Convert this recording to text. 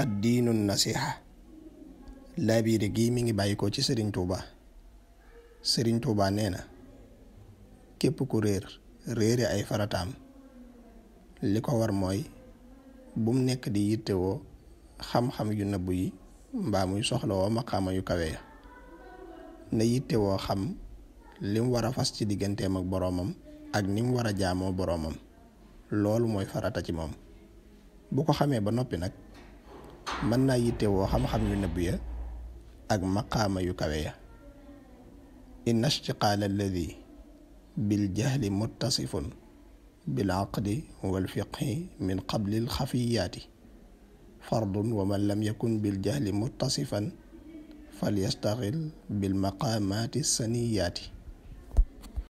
addiinu nasiha laabiire gii mi ngi bàyyi ko ci sëriñ tuuba sëriñ tuuba nee na képp ku réer réere ay farataam li ko war mooy bum nekk di yittewoo xam-xam yu nëbb yi mbaa muy soxlawoo maqaama yu kawe ya na yittewoo xam lim war a fas ci digganteem ak boroomam ak nim war a jaamoo boroomam loolu mooy farata ci moom bu ko xamee ba noppi nag mën naa yittewoo xam-xam yu nëbb ak maqaama yu kawe ya inna bil jahli muttasifun bil aqdi wal min qabli al xafiyaati fardun lam yakun bil jahli muttasifan fal bil maqaamaati saniyaati